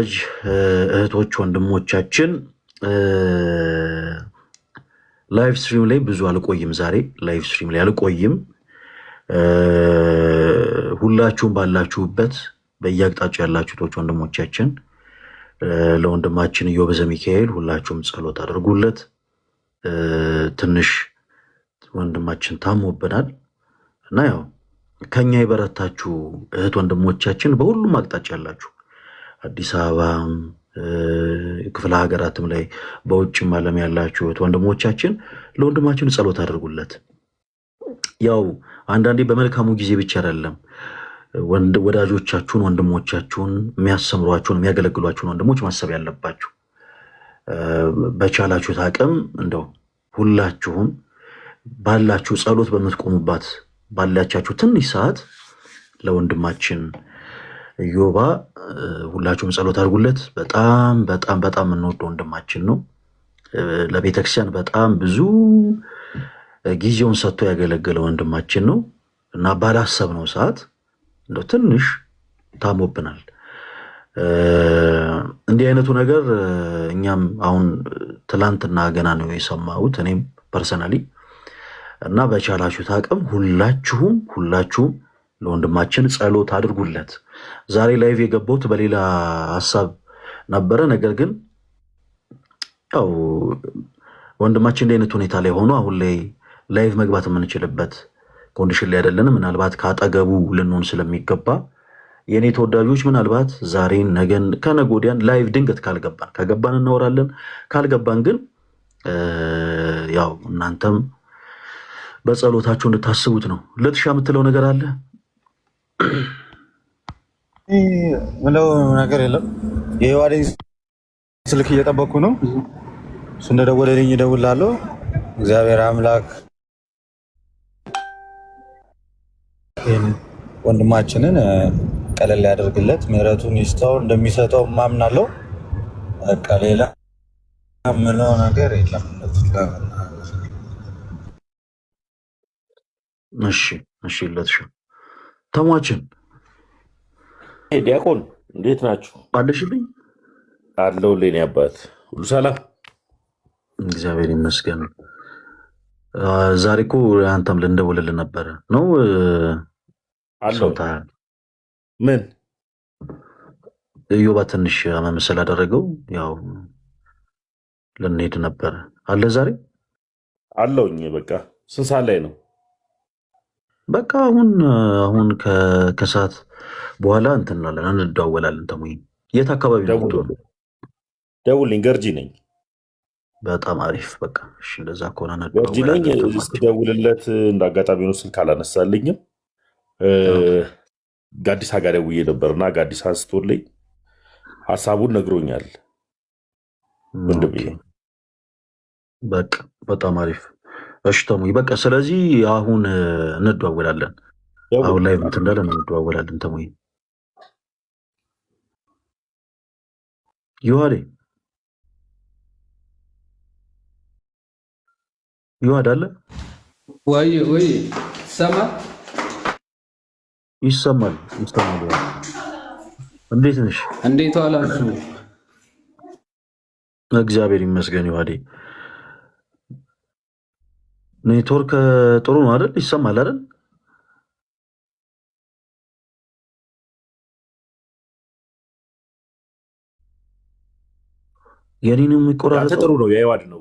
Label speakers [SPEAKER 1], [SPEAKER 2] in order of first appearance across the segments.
[SPEAKER 1] እህቶች ወንድሞቻችን ላይቭ ስትሪም ላይ ብዙ አልቆይም። ዛሬ ላይቭ ስትሪም ላይ አልቆይም። ሁላችሁም ባላችሁበት በየአቅጣጫ ያላችሁ ወንድሞቻችን ለወንድማችን እዮብ ዘሚካኤል ሁላችሁም ጸሎት አድርጉለት። ትንሽ ወንድማችን ታሞብናል እና ያው ከኛ የበረታችሁ እህት ወንድሞቻችን በሁሉም አቅጣጫ ያላችሁ አዲስ አበባም ክፍለ ሀገራትም ላይ በውጭም ዓለም ያላችሁት ወንድሞቻችን ለወንድማችን ጸሎት አድርጉለት። ያው አንዳንዴ በመልካሙ ጊዜ ብቻ አይደለም ወዳጆቻችሁን፣ ወንድሞቻችሁን፣ የሚያሰምሯችሁን፣ የሚያገለግሏችሁን ወንድሞች ማሰብ ያለባችሁ። በቻላችሁት አቅም እንደው ሁላችሁም ባላችሁ ጸሎት በምትቆሙባት ባላቻችሁ ትንሽ ሰዓት ለወንድማችን ዮባ ሁላችሁም ጸሎት አድርጉለት። በጣም በጣም በጣም የምንወደው ወንድማችን ነው። ለቤተክርስቲያን በጣም ብዙ ጊዜውን ሰጥቶ ያገለገለ ወንድማችን ነው እና ባላሰብነው ሰዓት ትንሽ ታሞብናል። እንዲህ አይነቱ ነገር እኛም አሁን ትላንትና ገና ነው የሰማሁት እኔም ፐርሰናሊ እና በቻላችሁት አቅም ሁላችሁም ሁላችሁም ለወንድማችን ጸሎት አድርጉለት። ዛሬ ላይቭ የገባሁት በሌላ ሀሳብ ነበረ። ነገር ግን ያው ወንድማችን እንዲህ አይነት ሁኔታ ላይ ሆኖ አሁን ላይ ላይቭ መግባት የምንችልበት ኮንዲሽን ላይ አይደለን ምናልባት ከአጠገቡ ልንሆን ስለሚገባ የእኔ ተወዳጆች ምናልባት ዛሬን፣ ነገን፣ ከነገ ወዲያን ላይቭ ድንገት ካልገባን ከገባን እናወራለን። ካልገባን ግን ያው እናንተም በጸሎታችሁ እንድታስቡት ነው። ልትሻ የምትለው ነገር አለ
[SPEAKER 2] ምለው ነገር የለም። የህዋዴ ስልክ እየጠበቅኩ ነው። እሱ እንደደወለልኝ እደውላለሁ። እግዚአብሔር አምላክ ወንድማችንን ቀለል ያደርግለት፣ ምህረቱን እንደሚሰጠው ማምናለው። በቃ ሌላ ምለው ነገር የለም።
[SPEAKER 1] እሺ እሺ ተሟችን
[SPEAKER 2] ዲያቆን እንዴት ናችሁ? አለሽልኝ አለው ሌኔ አባት
[SPEAKER 1] ሁሉ ሰላም እግዚአብሔር ይመስገን። ዛሬ እኮ አንተም ልንደውልል ነበረ ነው
[SPEAKER 2] አለው። ምን
[SPEAKER 1] እዮባ ትንሽ መምሰል አደረገው። ያው ልንሄድ ነበረ አለ ዛሬ
[SPEAKER 2] አለውኝ። በቃ ስንት ሰዓት ላይ ነው?
[SPEAKER 1] በቃ አሁን አሁን ከሰዓት በኋላ እንትን እንላለን እንደዋወላለን። ተሙይ የት አካባቢ
[SPEAKER 2] ደውልኝ፣ ገርጂ ነኝ።
[SPEAKER 1] በጣም አሪፍ። በቃ እሺ፣ እንደዛ ከሆነ
[SPEAKER 2] ገርጂ ነኝ። ደውልለት። እንደ አጋጣሚ ስልክ አላነሳልኝም። ጋዲሳ ጋር ደውዬ ነበርና ጋዲሳ አንስቶልኝ ሀሳቡን ነግሮኛል።
[SPEAKER 1] ወንድም በቃ በጣም አሪፍ እሽተሙ በቃ ስለዚህ አሁን እንደዋወላለን። አሁን ላይ እንትን እንዳለ እንደዋወላለን። ተሙ ዮሐዴ ዮሐድ አለ
[SPEAKER 2] ወይ ወይ ሰማ
[SPEAKER 1] ይሰማል ይሰማል። እንዴት ነሽ?
[SPEAKER 2] እንዴት ዋላችሁ?
[SPEAKER 1] እግዚአብሔር ይመስገን ይዋዴ ኔትወርክ ጥሩ ነው አይደል? ይሰማል አይደል? የኔን ነው
[SPEAKER 2] ጥሩ ነው። የዋድ ነው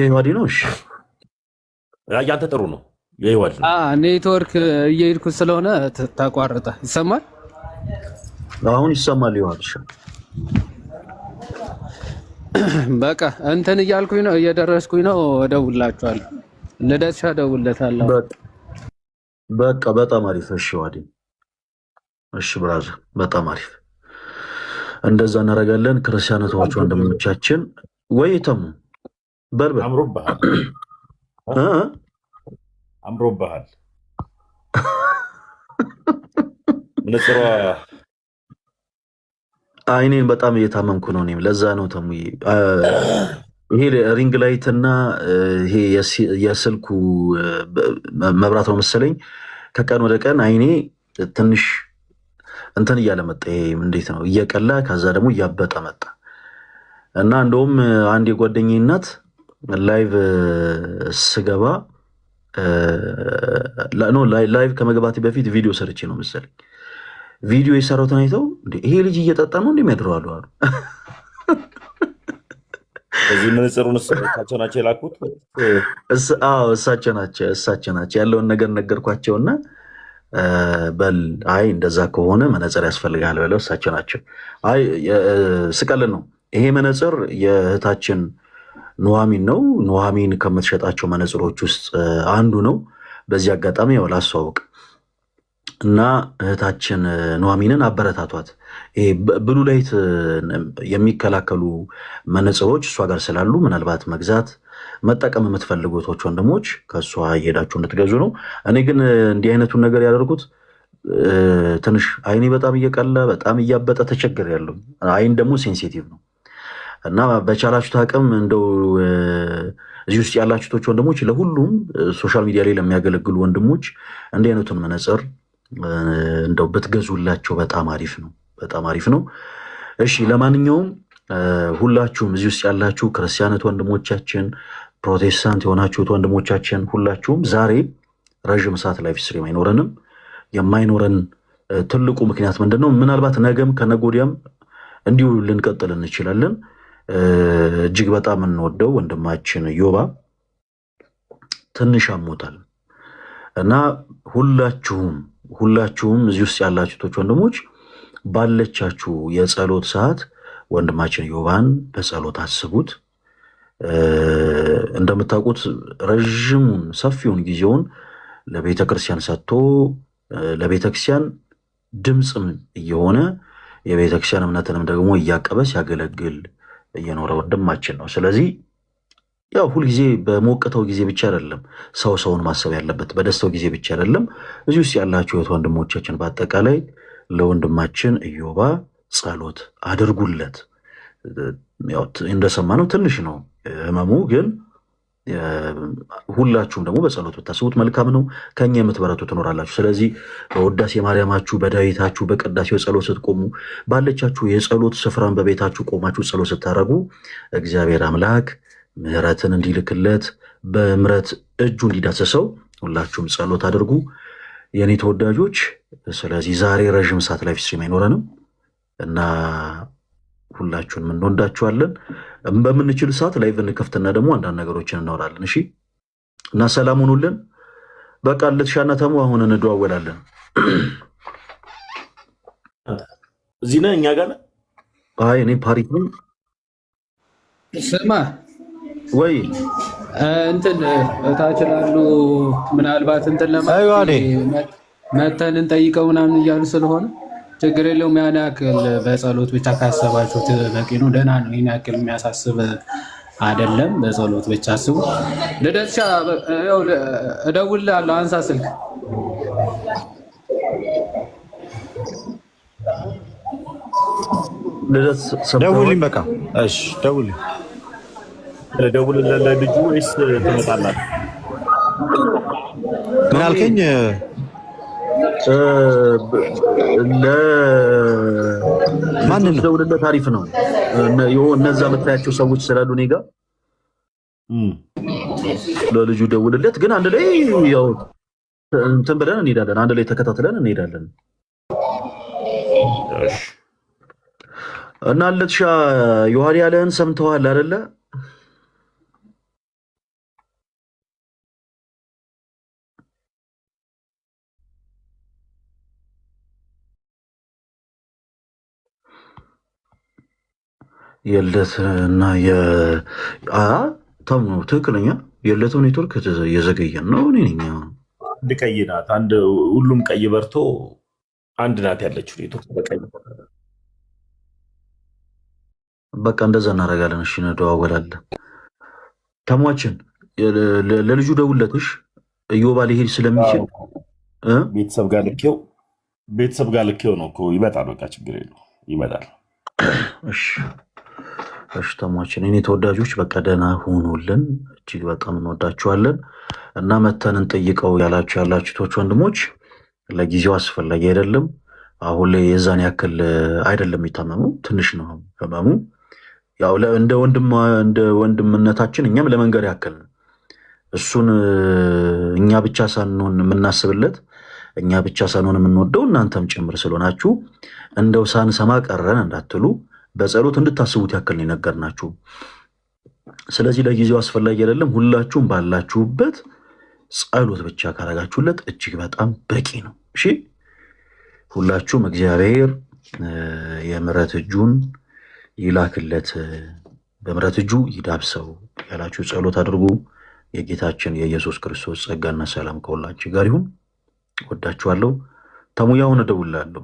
[SPEAKER 2] የዋዲ ነው። እሺ ያንተ ጥሩ ነው የዋድ ነው። ኔትወርክ እየሄድኩ ስለሆነ ታቋርጠ። ይሰማል
[SPEAKER 1] አሁን ይሰማል። ይዋድ
[SPEAKER 2] በቃ እንትን እያልኩኝ ነው፣ እየደረስኩኝ ነው። እደውልላችኋለሁ። ልደትሻ እደውልለታለሁ።
[SPEAKER 1] በቃ በጣም አሪፍ። እሺ ዋዲ፣ እሺ ብራዘ፣ በጣም አሪፍ። እንደዛ እናደርጋለን። ክርስቲያኖች ወንድሞቻችን፣ ወይ ተሙ በልበል፣
[SPEAKER 2] አምሮብሃል።
[SPEAKER 1] አይኔን በጣም እየታመምኩ ነው። እኔም ለዛ ነው ተሙ ይሄ ሪንግ ላይት እና ይሄ የስልኩ መብራት ነው መሰለኝ ከቀን ወደ ቀን አይኔ ትንሽ እንትን እያለ መጣ። ይሄ እንዴት ነው እየቀላ ከዛ ደግሞ እያበጠ መጣ እና እንደውም አንድ የጓደኝ እናት ላይቭ ስገባ ላይቭ ከመግባቴ በፊት ቪዲዮ ሰርቼ ነው መሰለኝ ቪዲዮ የሰሩትን አይተው ይሄ ልጅ እየጠጣ ነው እንደሚያድረው አሉ አሉ።
[SPEAKER 2] እዚህ ምንጽሩን እሳቸው ናቸው የላኩት።
[SPEAKER 1] እሳቸው ናቸው እሳቸው ናቸው ያለውን ነገር ነገርኳቸውና በል አይ እንደዛ ከሆነ መነፅር ያስፈልጋል ብለው እሳቸው ናቸው። አይ ስቀልን ነው ይሄ መነፅር የእህታችን ኑሐሚን ነው። ኑሐሚን ከምትሸጣቸው መነፅሮች ውስጥ አንዱ ነው። በዚህ አጋጣሚ ያው ላስተዋውቅ እና እህታችን ኑሐሚንን አበረታቷት። ብሉ ላይት የሚከላከሉ መነጽሮች እሷ ጋር ስላሉ ምናልባት መግዛት መጠቀም የምትፈልጉ ወንድሞች ከእሷ እየሄዳችሁ እንድትገዙ ነው። እኔ ግን እንዲህ አይነቱን ነገር ያደርጉት ትንሽ አይኔ በጣም እየቀለ በጣም እያበጠ ተቸግር ያለው አይን ደግሞ ሴንሲቲቭ ነው እና በቻላችሁት አቅም እንደው እዚህ ውስጥ ያላችሁቶች ወንድሞች ለሁሉም ሶሻል ሚዲያ ላይ ለሚያገለግሉ ወንድሞች እንዲህ አይነቱን መነጽር እንደው ብትገዙላቸው በጣም አሪፍ ነው፣ በጣም አሪፍ ነው። እሺ ለማንኛውም ሁላችሁም እዚህ ውስጥ ያላችሁ ክርስቲያነት ወንድሞቻችን፣ ፕሮቴስታንት የሆናችሁት ወንድሞቻችን ሁላችሁም ዛሬ ረዥም ሰዓት ላይፍ ስትሪም አይኖረንም። የማይኖረን ትልቁ ምክንያት ምንድን ነው? ምናልባት ነገም ከነጎዲያም እንዲሁ ልንቀጥል እንችላለን። እጅግ በጣም እንወደው ወንድማችን ዮባ ትንሽ አሞታል እና ሁላችሁም ሁላችሁም እዚህ ውስጥ ያላችሁቶች ወንድሞች ባለቻችሁ የጸሎት ሰዓት ወንድማችን ዮባን በጸሎት አስቡት። እንደምታውቁት ረዥሙን ሰፊውን ጊዜውን ለቤተ ክርስቲያን ሰጥቶ ለቤተ ክርስቲያን ድምፅም እየሆነ የቤተ ክርስቲያን እምነትንም ደግሞ እያቀበ ሲያገለግል እየኖረ ወንድማችን ነው። ስለዚህ ያው ሁልጊዜ በሞቅተው ጊዜ ብቻ አይደለም ሰው ሰውን ማሰብ ያለበት፣ በደስተው ጊዜ ብቻ አይደለም። እዚህ ውስጥ ያላችሁ እህት ወንድሞቻችን በአጠቃላይ ለወንድማችን እዮባ ጸሎት አድርጉለት። እንደሰማነው ትንሽ ነው ህመሙ፣ ግን ሁላችሁም ደግሞ በጸሎት ብታስቡት መልካም ነው። ከኛ የምትበረቱ ትኖራላችሁ። ስለዚህ በውዳሴ ማርያማችሁ፣ በዳዊታችሁ፣ በቅዳሴው ጸሎት ስትቆሙ፣ ባለቻችሁ የጸሎት ስፍራን በቤታችሁ ቆማችሁ ጸሎት ስታደርጉ እግዚአብሔር አምላክ ምሕረትን እንዲልክለት በምሕረት እጁ እንዲዳሰሰው ሁላችሁም ጸሎት አድርጉ የእኔ ተወዳጆች። ስለዚህ ዛሬ ረዥም ሰዓት ላይ ስትሪም አይኖረንም እና ሁላችሁንም እንወዳችኋለን። በምንችል ሰዓት ላይቭ እንከፍትና ደግሞ አንዳንድ ነገሮችን እናወራለን። እሺ እና ሰላም ሁኑልን። በቃ ልትሻና ተሙ አሁን እንደዋወላለን።
[SPEAKER 2] እዚህ ነህ እኛ ጋር ነህ? አይ እኔ ፓሪስ ነኝ። ስማ ወይ እንትን እታች ላሉ ምናልባት እንትን መተን እንጠይቀው ምናምን እያሉ ስለሆነ ችግር የለውም። ያን ያክል በጸሎት ብቻ ካሰባችሁት በቂ ነው። ደህና ነው። ይህን ያክል የሚያሳስብ አይደለም። በጸሎት ብቻ አስቡ። ልደትሻ እደውልልሃለሁ። አንሳ ስልክ
[SPEAKER 1] ደውልኝ። በቃ እሺ፣ ደውልኝ
[SPEAKER 2] ደውልለት ለልጁ ወይስ ትመጣላችሁ?
[SPEAKER 1] ምን አልከኝ? ማንን ነው ደውልለት? አሪፍ ነው። እነዛ የምታያቸው ሰዎች ስላሉ እኔ ጋር ለልጁ ደውልለት። ግን አንድ ላይ ያው እንትን ብለን እንሄዳለን። አንድ ላይ ተከታትለን እንሄዳለን። እና ለትሻ ዮሐን ያለህን ሰምተዋል አይደለ? የልደት እና ታም ነው ትክክለኛ የለተው ኔትወርክ የዘገየን ነው። እኔኛ
[SPEAKER 2] አንድ ቀይ ናት። አንድ ሁሉም ቀይ በርቶ አንድ ናት ያለችው ኔትወርክ በቀይ
[SPEAKER 1] በቃ እንደዛ እናደርጋለን። እሺ እንደዋወላለን። ተሟችን ለልጁ ደውለትሽ እዮባ ሊሄድ ስለሚችል
[SPEAKER 2] ቤተሰብ ጋር ልኬው ቤተሰብ ጋር ልኬው ነው ይመጣል። በቃ ችግር የለውም ይመጣል። እሺ
[SPEAKER 1] አሽተሟችን እኔ ተወዳጆች በቃ ደህና ሁኑልን። እጅግ በጣም እንወዳችኋለን እና መተንን ጠይቀው ያላችሁ ያላችሁቶች ወንድሞች ለጊዜው አስፈላጊ አይደለም። አሁን ላይ የዛን ያክል አይደለም የሚታመሙ ትንሽ ነው ህመሙ። ያው እንደ ወንድምነታችን እኛም ለመንገድ ያክል ነው። እሱን እኛ ብቻ ሳንሆን የምናስብለት እኛ ብቻ ሳንሆን የምንወደው እናንተም ጭምር ስለሆናችሁ እንደው ሳንሰማ ቀረን እንዳትሉ በጸሎት እንድታስቡት ያክል ነገር ናችሁ ስለዚህ ለጊዜው አስፈላጊ አይደለም። ሁላችሁም ባላችሁበት ጸሎት ብቻ ካረጋችሁለት እጅግ በጣም በቂ ነው። እሺ ሁላችሁም እግዚአብሔር የምሕረት እጁን ይላክለት፣ በምሕረት እጁ ይዳብሰው ያላችሁ ጸሎት አድርጉ። የጌታችን የኢየሱስ ክርስቶስ ጸጋና ሰላም ከሁላችሁ ጋር ይሁን። ወዳችኋለሁ። ተሙያውን እደውላለሁ።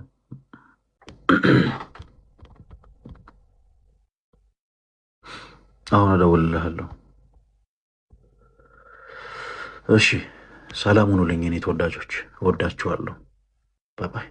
[SPEAKER 1] አሁን እደውልልሃለሁ። እሺ፣ ሰላም ሁኑልኝ የኔ ተወዳጆች፣ እወዳችኋለሁ። ባይ ባይ።